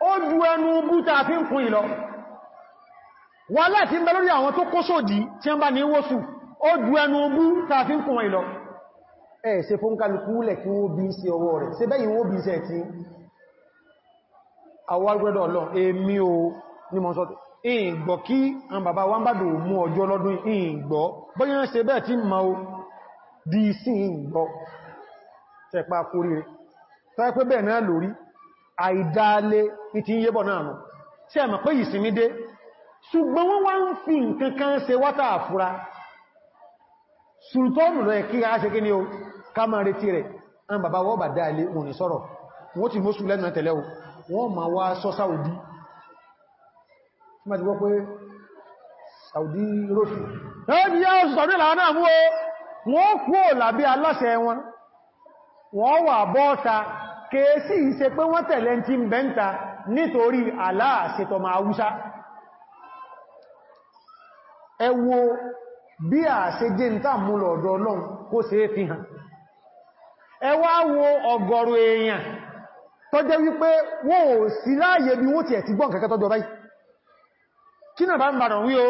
ó ju ẹnu búta fi ń kún ìlọ wà láti ń bẹ lórí àwọn tó kó sòdí tí ń bá ní wóṣù ó ju ẹnu búta fi ń kún ìlọ ẹ̀ ṣe fún kálukú lẹ̀ kí wó bí sí ọwọ́ rẹ̀ ṣe bẹ́yìn wó bí sí ẹ̀ tí lọ èmi o ní rẹ̀ tọ́ pẹ́ bẹ́ẹ̀ lórí àìdáalé ìtí yébọ̀ náà nù tí a mọ̀ pé ìsinmi dé ṣùgbọ́n wọ́n wá ń fi nǹkan kan ṣe wátà àfúra sultanu lọ a ṣe kí ni o ká máa rẹ̀ an bàbá wọ́n bà dáalé wọn sọ́rọ̀ wọ́n ti mọ́sù ma Saudi o wọ́n wà bọ́ta kèèsí ìse pé wọ́n tẹ̀lẹ̀ tí ń bẹ́ǹta nítorí aláàṣetọmọ Haúsá ẹ wo bí a ṣe jẹ́ ń Ọlọ́run kó ṣe é fi hàn wo ọ̀gọ̀rọ̀ èèyàn tó jẹ́ wípé wọ́n ò sí láàyè bí wọ́n ti ẹ̀ ti gbọ́n kẹ́kẹ́ báyìí o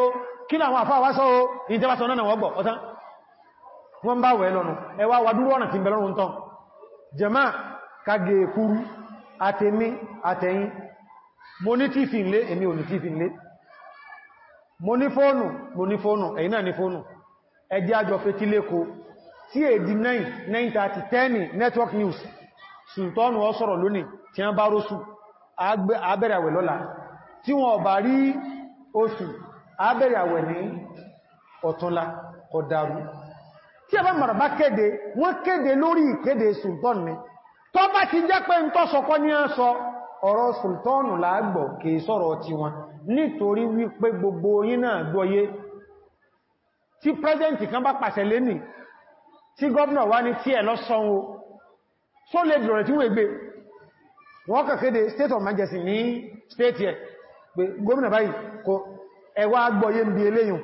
o wọ́n kágé kúrú àtẹ́mí àtẹ́yìn mo ní tí fi nlé èmi ò ní tí fi nlé mo ní fóònù mo ní fóònù ẹ̀yin náà ní fóònù ẹjẹ́ àjọ fetíléko tí è di 9:30 network news sultanu ọ sọ̀rọ̀ lónìí tí wọ́n bá rósù abẹ́rẹ̀ àwẹ̀ lọ́la tí wọ́n bá rí oṣù abẹ́rẹ̀ àwẹ̀ ní ọ̀tọ́lá kọ̀dàrú tí a bá mara bá kéde wọ́n kéde lórí ìkéde sultan ni tó bá ti jẹ́ pé ń tọ́ sọkọ́ ní ẹ́ sọ ọ̀rọ̀ sultanu láàgbọ̀ kìí sọ̀rọ̀ ti wọn nítorí wípé gbogbo yín náà gbọ́yé tí president kan bá pàṣẹ lẹ́nì tí gọ́ọ̀nà wá ní tí ẹ̀ lọ́sọ́wó só lè dìrọ̀ tí wọ́n gbé wọ́n kàkéde state of majesty ní state ẹ̀ pé gómìnà báyìí kò ẹwà gbọ́yé ń bí eléyìn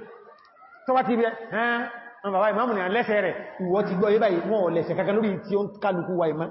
tó bá ti bí ẹn bàbá ìmáàmù ní alẹ́sẹ̀ rẹ̀ ìwọ ti gbọ́yé báyìí wọ́n lẹ́sẹ̀ kankan lórí tí ó ń kálukú wa ìmáà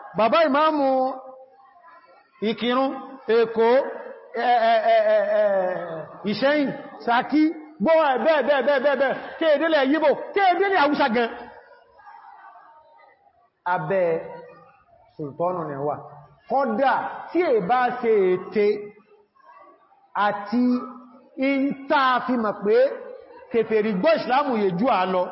bàbá ìmáàmù ìkìrún èkó ìṣẹ́yìn sàkí gbọ́wà bẹ́ẹ̀bẹ́ẹ̀bẹ́ẹ̀bẹ́ kéèdélẹ̀ yíbò kéèdélẹ̀ àwúsá gan abẹ́ sultanu ni wà kọ́dà tí è bá ṣe ète àti ìntàfimọ̀ pé kèfèrí gbọ́ ìsìlámù yẹ jù àlọ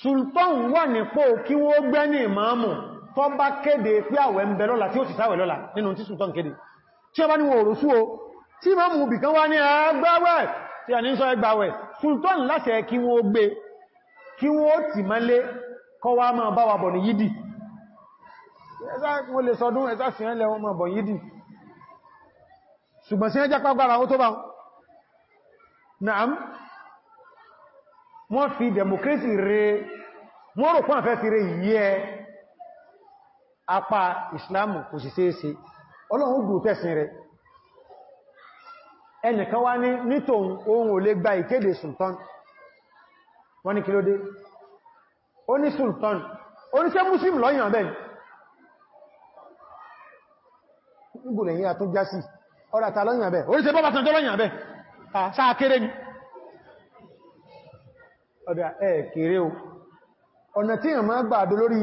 sultanu wà nípò kí wọ́n gbẹ́ ní ìmáàmù tó bá kéde pé àwẹ̀ ń bẹ lọ́la tí ó ti sáwẹ̀ lọ́la nínú tí sùtọ́ ń kéde tí ó bá ní wòrò sú o tí ma mú bìkan wá ní ẹgbẹ́wẹ̀ tí a ní sọ ẹgbàwẹ̀ sultan láti ẹ kí wọ́n gbé kí wọ́n tì mẹ́lé kọ́ wá máa bá wa bọ̀ ní yídì ṣùgbọ́n sí ẹjá pàgbàrà ó tó bá wọ́n fi democracy re wọ́n rò pọ́n fẹ́ fi re yìí ẹ apá ìsìláàmù kò sì ṣeéṣe ọlọ́run gbò fẹ́sìn rẹ̀ ohun gba ìkéde sultan wọ́n ní kí ló dé ó ní sultan muslim lọ́yìn àbẹ́ ìgbòlẹ̀ yìí àtún já sí lọ́yìn àbẹ́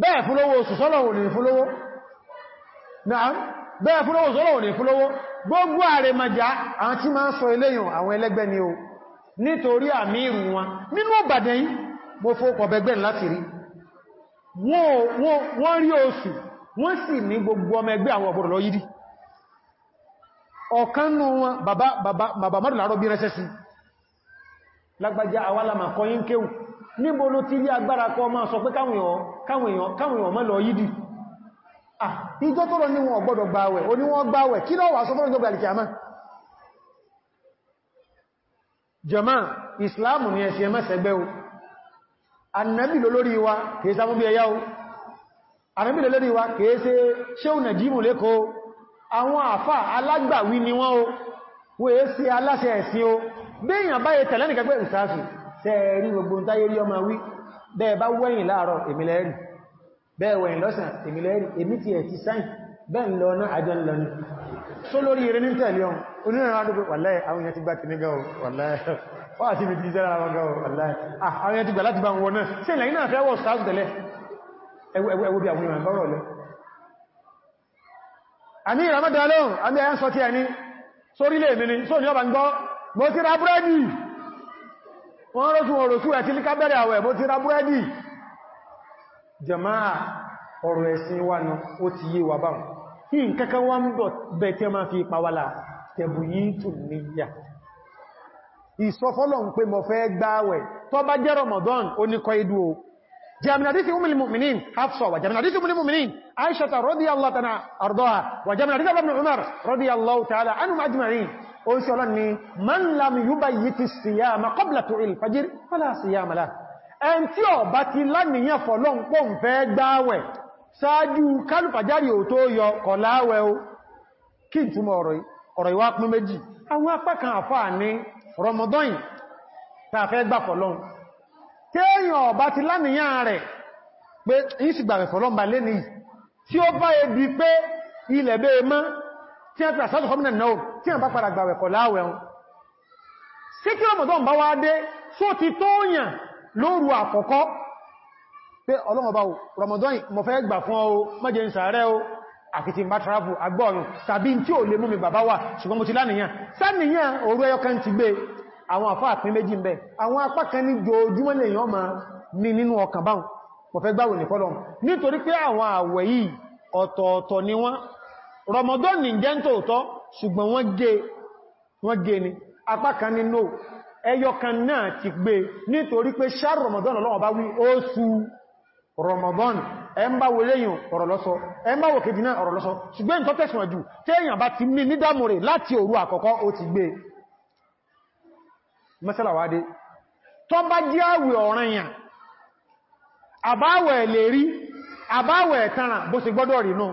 bẹ́ẹ̀ fúnlówó sọ́lọ̀wò ní fúnlówó náà bẹ́ẹ̀ fúnlówó sọ́lọ̀wò ní fúnlówó gbogbo ààrẹ màjá àwọn tí máa ń sọ eléyàn àwọn ẹlẹ́gbẹ́ ni o nítorí àmì ìrù wọn nínú ọ̀bàdàn mo fókọ̀ bẹgbẹ́ láti rí wọ́n rí oṣù wọ́n sì ní gbogbo ọmọ ẹgbẹ́ baba baba níbo ló ti rí agbára kọ ma sọ pé káwọn èèyàn mọ́ lọ yídì ah ìjọ tó lọ ní wọn gbọ́dọ̀ gbáwẹ̀ o ní wọ́n gbáwẹ̀ kí ló wà sọ fún ìjọba alìkìyàmá jàmá ìsìláàmù ni ẹ̀sìn ẹmẹ́sẹ̀gbẹ́ o annabi ló lórí wa kìí sámú bí ẹyá o annabi ló lórí wa kìí ni wọ́n o wọ́n èé ṣe aláṣẹ ẹ̀sìn o béèyàn báyẹ tẹ̀lẹ́nìkẹ́gbẹ́ tẹ́ẹ̀rí gbogbo táyé rí ọmọ wí bẹ́ẹ̀ bá wẹ́yìn láàárọ̀ èmìlẹ́rì bẹ́ẹ̀ wẹ̀yìn lọ́sàn èmìlẹ́rì èmì ti ẹ̀ ti sáìn bẹ́ẹ̀ lọ náà àjọ ń lọ ní só lórí eré ní tẹ̀lé ọun onírìnrìn àdúgbò wàláhì àwọn èèyàn ti gbá ti ní gan wàláhì wọ́n àti ibi ti jẹ́ ara wọn gan wàláhì àwọn èèyàn ti gbà láti bá wọn náà sí ìlànà iná fẹ́ wọ́ sáàtù tẹ̀lẹ̀ ẹwọ́ bí àwọn èèyàn bọ́rọ̀ lọ àmì ìràmọ́dà lọ́rùn àmì àyán sọ ti ẹni sórílẹ̀ èmì ni só ní ọba ń gbọ́ mo ti ra búrẹ́dì wọ́n rọ́sù òrùsù ẹ̀ tí lí kábẹ̀rẹ̀ àwẹ̀ bó ti ra búrẹ́dì jẹmáà ọ̀rọ̀ ẹ̀sìn wa náà ó ti yé wa báwọn kí n kẹ́kẹ́ wá ń bọ̀ bẹ̀ tí a máa fi pàwàlà tẹ̀bù yìí tù níyà ìsọfọ́lọ̀ ń pè mọ̀ fẹ́ gbáwẹ̀ tó bá jẹ́ Ramadan ó sí ọlọ́n ni man lam yúbá yìí ti síyàmà kọ́blá tó il fajir fọ́lá síyàmà lá ẹn tí ọ bá ti lánìyàn fọ́lọ́n pọ́ ń fẹ́ gbáwẹ̀ sáájú kálùfàjárì ò tó yọ kọ̀láwẹ̀ o kí n túnmọ̀ ọ̀rọ̀ ìwá pín méjì àwọn apá kan àfáà ní rọmọdọ́yìn tí a fi àṣájú kọmínà náà tí a bá padà gbàwẹ̀ kọ̀ láwẹ̀un sí kí Ramadan bá wá dé só ti tó yàn lóru àkọ́kọ́ pé ọlọ́mọba o Ramadan mo fẹ́ gbà fún ọ mọ́jẹ ń sàárẹ́ o àti ti bá travel agbọ́ọ̀rùn tàbí tí ò lè mú mi bàbá wà ṣùgbọ́n mo ti lánìyàn sáníyàn òru ẹyọ kan ti gbé àwọn nítorí pé àwọn àwẹ̀ yìí ọ̀tọ̀ọ̀tọ̀ ni wọ́n Ramadan ní jẹ́ tóòtọ́ ṣùgbọ́n wọ́n gé wọ́n gé ni apá kan ní no ẹyọ kan náà ti gbé nítorí pé ṣáàrù Ramadan Ọlọ́run bá wí oṣù Ramadan ẹmbá wo léyìn ọ̀rọ̀ lọ́sọ ẹmbá wo kejì náà ọ̀rọ̀ lọ́sọ ṣùgbọ́n tó tẹ̀sùn jù téèyàn bá ti mí ní dámùrè láti òru àkọ́kọ́ ó ti gbé àbáwẹ̀ lè bó ṣe gbọ́dọ̀ rí náà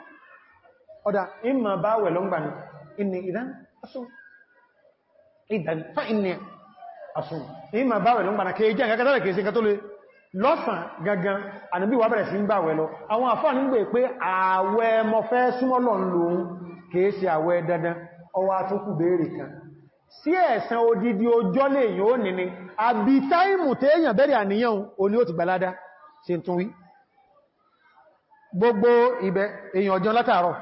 ọ̀dá ìmọ̀ bá wẹ̀ lọ́ngbà ní inni ìdán asùn ìdán fa inni asùn ìmọ̀ bá wẹ̀ lọ́ngbà ní kí jẹ́ ǹkan tẹ́lẹ̀ kìí sí lọ́sàn gangan ànábì wà bẹ̀rẹ̀ sí ń bá wẹ̀ lọ àwọn àfáà nígbè pé ààwẹ̀ mọ́fẹ́ súnmọ́lọ̀ lòun kìí awa dandan odidi gbogbo ọjọ́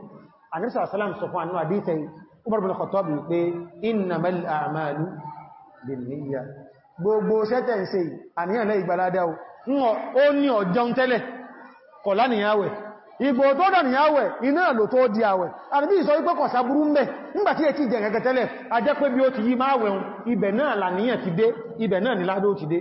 àníṣà asala sọ fún àánú àdíṣẹ́ Umar bin Khattab pé innamal a'malu binniyya gbogbo sẹ́tẹ̀ ń ṣe ìgbò tó iná lò tó di àwẹ̀ ìsọ mẹ́ nígbàtí gẹ̀gẹ̀ tẹ́lẹ̀ a jẹ́ pé bí ó ti yí máa wẹ̀un ibẹ̀ náà làníyàn ti dé ibẹ̀ náà ni ládó ti dé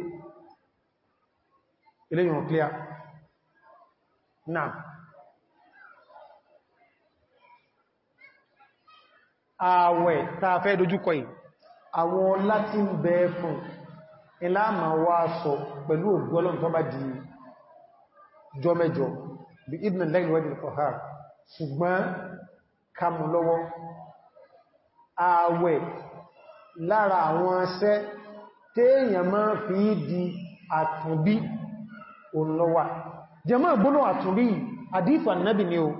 ààwẹ̀ tàà fẹ́ dojúkọ yìí àwọn láti ń bẹ fún ìlàmà wá sọ pẹ̀lú ògbọ́lọ́n tó bá di jọmẹjọ bí ibn lẹ́gbẹ̀wẹ̀dì ọ̀hár ṣùgbọ́n kàmù lọ́wọ́ ààwẹ̀ lára àwọn aṣẹ́ téèyàn máa fi di àtúnbí òun lọ́wà jẹ́mọ́ ìgbónà àtúnbí àdífà nábì ni o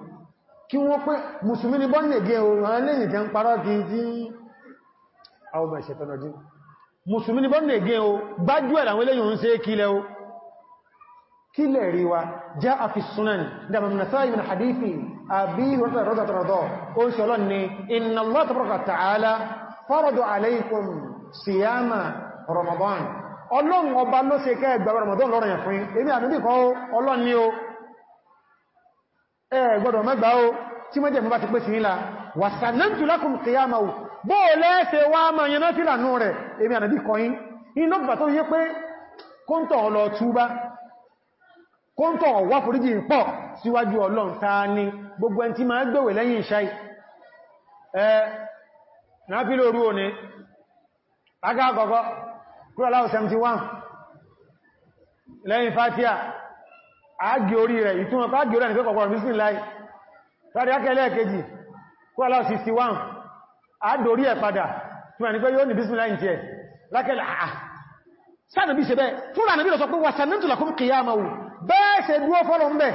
kí wọ́n pẹ́ musulmi ní bọ́n nìgẹ́ oòrùn alẹ́yìn tẹ́ ń parọ́ kí tí àwọn ọmọ ìṣẹ̀tọ́nà jí musulmi ní bọ́n nìgẹ́ o gbájú ẹ̀ àwọn eléyìn ń ṣe kílẹ̀ o kílẹ̀ rí wa já àfi sunan dàbàmìnà sáà Ọlọ́run ọba gbọ́dọ̀ mẹ́gbà ó tí mẹ́jẹ̀ mọ́ bá ti pé sí nílá wàsànántù lákùn kìyàmà ò bó lẹ́ẹ̀ṣẹ̀ wá máa yẹn náà fílà náà rẹ̀ èmi ànàbí kọyín iná bàbà tó yẹ pé kóntọ̀ ọlọ túbá kóntọ̀ wá foríjì pọ̀ síwájú ọlọ́run ta ni gbogbo ẹn tí máa gbẹ̀wẹ̀ lẹ́yìn ìṣáì ẹ náàfílò orú òní agá àkọ́kọ́ kúrọ̀láwọ̀ 71 lẹ́yìn fatia ágì orí rẹ̀ ìtúnmọ̀ ágì orí ẹnìkẹ́ kọ̀kọ̀rọ̀ bísí láì tàbí akẹ́lẹ́ kejì kó aláwọ̀ 61 àádórí ẹ̀ padà tún ẹni pé yóò ní bísí láì jẹ́ lákẹ́lẹ̀ àà sáàdàbí ṣe bẹ́ẹ̀ tún rà nàbí lọ sọ pé wà sàmìntùlà kún kìyàmáwù bẹ́ẹ̀ ṣe dúó fọ́lọ̀ ń bẹ̀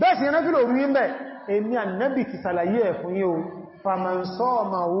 bẹ́ẹ̀ sì yẹnà fílò orí ń bẹ̀ èmi ànábì ti sàlàyé ẹ̀ fún yíò fàmàǹsọ́ọ̀màwú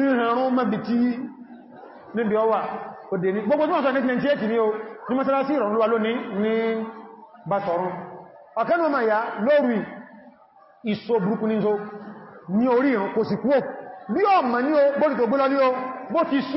ìrìnrún mẹ́bí tí níbi ọwà òdè ní gbogbo tí wọ́n sọ ní 1998 ní o ní mọ́sálásí ìrọ̀rún lọ́wọ́ lónìí ní bàtọ̀rún ọ̀kẹ́nu ọmọ ìyá lórí ìṣò burúkú ní ní orí ìrùn kò sì kúò bí ọmọ ní o bóri tó gbólọ́ ní o bó ti sú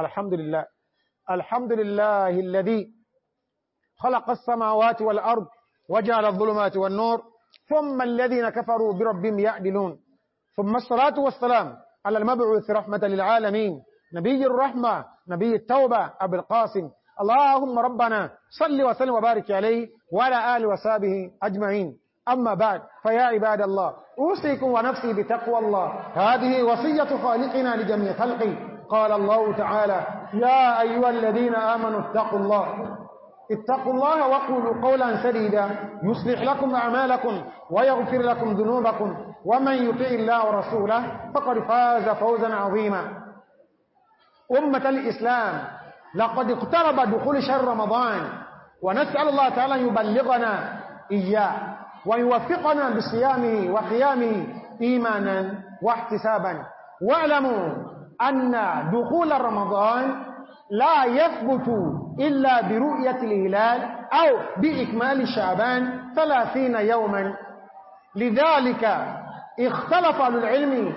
الحمد لله الحمد لله الذي خلق السماوات والأرض وجعل الظلمات والنور ثم الذين كفروا بربهم يعدلون ثم الصلاة والسلام على المبعوث رحمة للعالمين نبي الرحمة نبي التوبة أبو القاسم اللهم ربنا صل وسلم وبارك عليه وعلى آل وسابه أجمعين أما بعد فيا عباد الله أوصيكم ونفسي بتقوى الله هذه وصية خالقنا لجميع خلقه قال الله تعالى يا أيها الذين آمنوا اتقوا الله اتقوا الله وقولوا قولا سديدا يصلح لكم أعمالكم ويغفر لكم ذنوبكم ومن يطع الله ورسوله فقد فاز فوزا عظيما أمة الإسلام لقد اقترب دخول شهر رمضان ونسأل الله تعالى أن يبلغنا إياه ويوفقنا بصيامه وقيامه إيمانا واحتسابا واعلموا أن دخول رمضان لا يثبت إلا برؤية الهلال أو بإكمال شعبان ثلاثين يوما لذلك اختلف العلم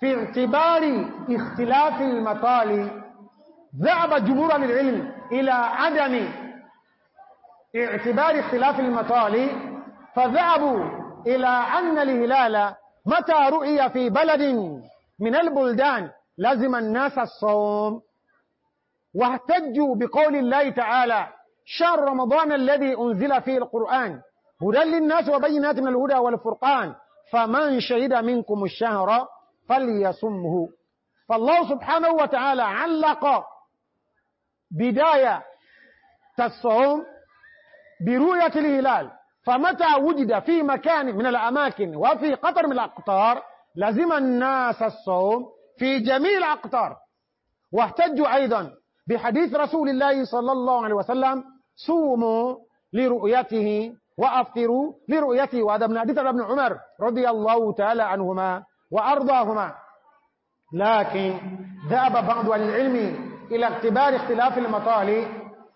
في اعتبار اختلاف المطال ذهب جمهور العلم إلى عدم اعتبار اختلاف المطال فذهبوا إلى أن الهلال متى رؤي في بلد من البلدان لزم الناس الصوم واحتجوا بقول الله تعالى شهر رمضان الذي أنزل فيه القرآن هدى للناس وبينات من الهدى والفرقان فمن شهد منكم الشهر فليصمه فالله سبحانه وتعالى علق بداية الصوم برؤية الهلال فمتى وجد في مكان من الأماكن وفي قطر من الأقطار لزم الناس الصوم في جميع الأقطار واحتجوا أيضا بحديث رسول الله صلى الله عليه وسلم صوموا لرؤيته وأفطروا لرؤيته وهذا من حديث ابن عمر رضي الله تعالى عنهما وأرضاهما لكن ذهب بعض العلم إلى اعتبار اختلاف المطالع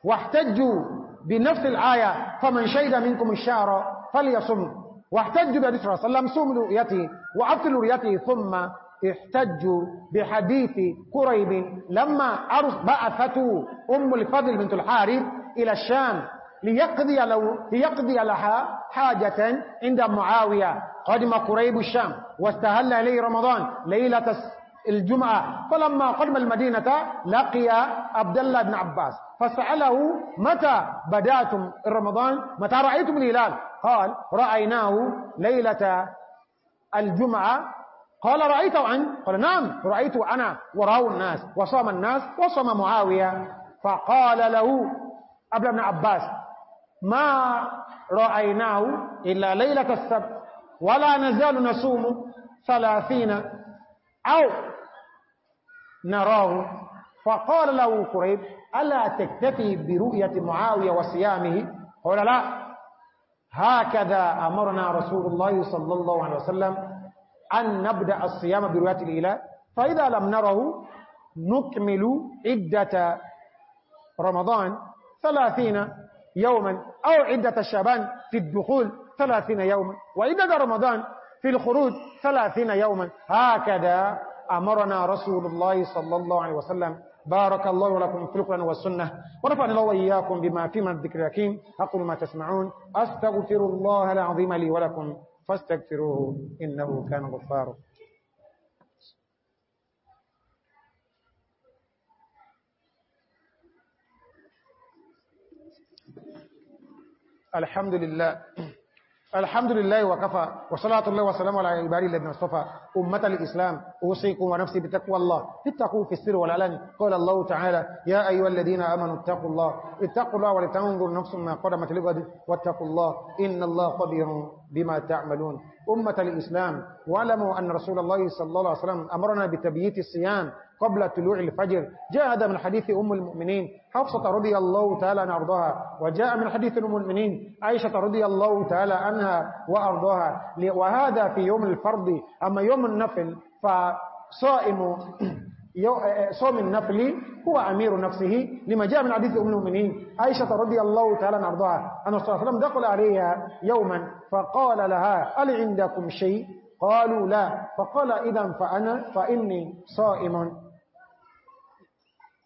واحتجوا بنفس الآية فمن شهد منكم الشعر فليصم واحتجوا بحديث رسول الله صلى الله عليه وسلم صوموا لرؤيته وأفطروا لرؤيته ثم احتجوا بحديث قريب لما بعثته أم الفضل بنت الحارث إلى الشام ليقضي, لو ليقضي لها حاجة عند معاوية قدم قريب الشام واستهل إليه رمضان ليلة الجمعة فلما قدم المدينة لقي عبد الله بن عباس فسأله متى بدأتم رمضان متى رأيتم الهلال قال رأيناه ليلة الجمعة قال رأيت أن قال نعم رأيت أنا ورأوا الناس وصام الناس وصام معاوية فقال له أبل ابن عباس ما رأيناه إلا ليلة السبت ولا نزال نصوم ثلاثين أو نراه فقال له قريب ألا تكتفي برؤية معاوية وصيامه قال لا هكذا أمرنا رسول الله صلى الله عليه وسلم أن نبدأ الصيام برؤية الإله فإذا لم نره نكمل عدة رمضان ثلاثين يوما أو عدة شابان في الدخول ثلاثين يوما وعدة رمضان في الخروج ثلاثين يوما هكذا أمرنا رسول الله صلى الله عليه وسلم بارك الله لكم في القرآن والسنة ونفعني الله إياكم بما فيما الذكر الحكيم أقول ما تسمعون أستغفر الله العظيم لي ولكم فاستغفروه إنه كان غفارا الحمد لله الحمد لله وكفى وصلاة الله وسلام على عبادي الذين اصطفى أمة الإسلام أوصيكم ونفسي بتقوى الله اتقوا في السر والعلن قال الله تعالى يا أيها الذين آمنوا اتقوا الله اتقوا الله ولتنظر نفس ما قدمت لغد واتقوا الله إن الله خبير بما تعملون أمة الإسلام واعلموا أن رسول الله صلى الله عليه وسلم أمرنا بتبييت الصيام قبل طلوع الفجر جاء هذا من حديث أم المؤمنين حفصة رضي الله تعالى أرضها وجاء من حديث أم المؤمنين عائشة رضي الله تعالى عنها وأرضها وهذا في يوم الفرض أما يوم النفل فصائم آه، آه، صوم النفل هو أمير نفسه لما جاء من حديث أم المؤمنين عائشة رضي الله تعالى عنها أن صلى الله عليه وسلم دخل عليها يوما فقال لها هل عندكم شيء قالوا لا فقال إذا فأنا فإني صائم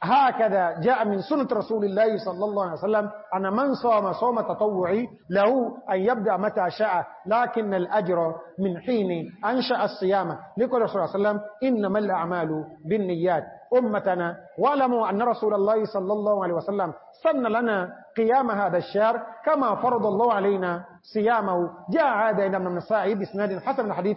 هكذا جاء من سنة رسول الله صلى الله عليه وسلم أن من صام صوم تطوعي له أن يبدأ متى شاء لكن الأجر من حين أنشأ الصيام لقول رسول الله صلى الله عليه وسلم إنما الأعمال بالنيات أمتنا واعلموا أن رسول الله صلى الله عليه وسلم سن لنا قيام هذا الشهر كما فرض الله علينا صيامه جاء هذا إلى من النساء بإسناد حسن الحديث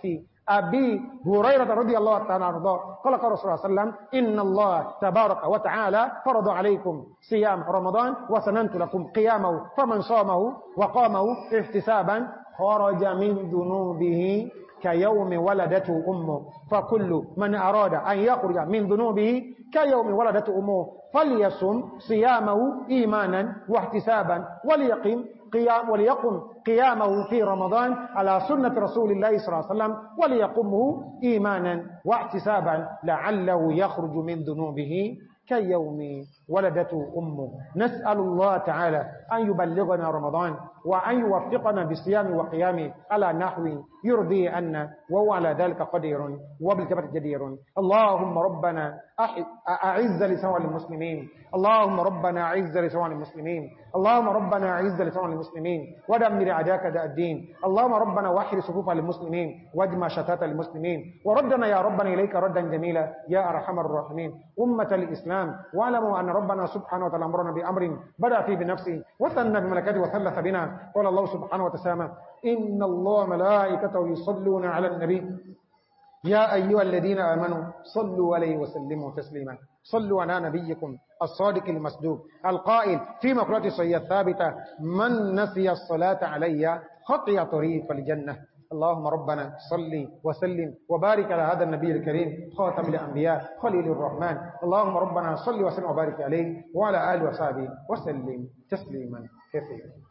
أبي هريرة رضي الله تعالى عنه قال قال رسول الله صلى الله عليه وسلم إن الله تبارك وتعالى فرض عليكم صيام رمضان وسننت لكم قيامه فمن صامه وقامه احتسابا خرج من ذنوبه كيوم ولدته أمه فكل من أراد أن يخرج من ذنوبه كيوم ولدته أمه فليصم صيامه إيمانا واحتسابا وليقم قيام وليقم قيامه في رمضان على سنة رسول الله صلى الله عليه وسلم وليقمه إيمانا واعتسابا لعله يخرج من ذنوبه كيوم ولدت أمه نسأل الله تعالى أن يبلغنا رمضان وأن يوفقنا بالصيام وقيامه على نحو يرضي أن وهو على ذلك قدير وبالكبت جدير اللهم ربنا أعز لسوء المسلمين اللهم ربنا أعز لسوء المسلمين اللهم ربنا أعز لسوء المسلمين ودمر عداك داء الدين اللهم ربنا وحر صفوف المسلمين واجمع شتات المسلمين وردنا يا ربنا إليك ردا جميلا يا أرحم الراحمين أمة الإسلام واعلموا أن ربنا سبحانه وتعالى أمرنا بأمر بدأ فيه بنفسه وثنى بملكاته وثلث بنا قال الله سبحانه وتسامى إن الله ملائكته يصلون على النبي يا أيها الذين آمنوا صلوا عليه وسلموا تسليما صلوا على نبيكم الصادق المسدوب القائل في مقرات صية الثابتة من نسي الصلاة علي خطي طريق الجنة اللهم ربنا صل وسلم وبارك على هذا النبي الكريم خاتم الأنبياء خليل الرحمن اللهم ربنا صل وسلم وبارك عليه وعلى آله وصحبه وسلم تسليما كثيرا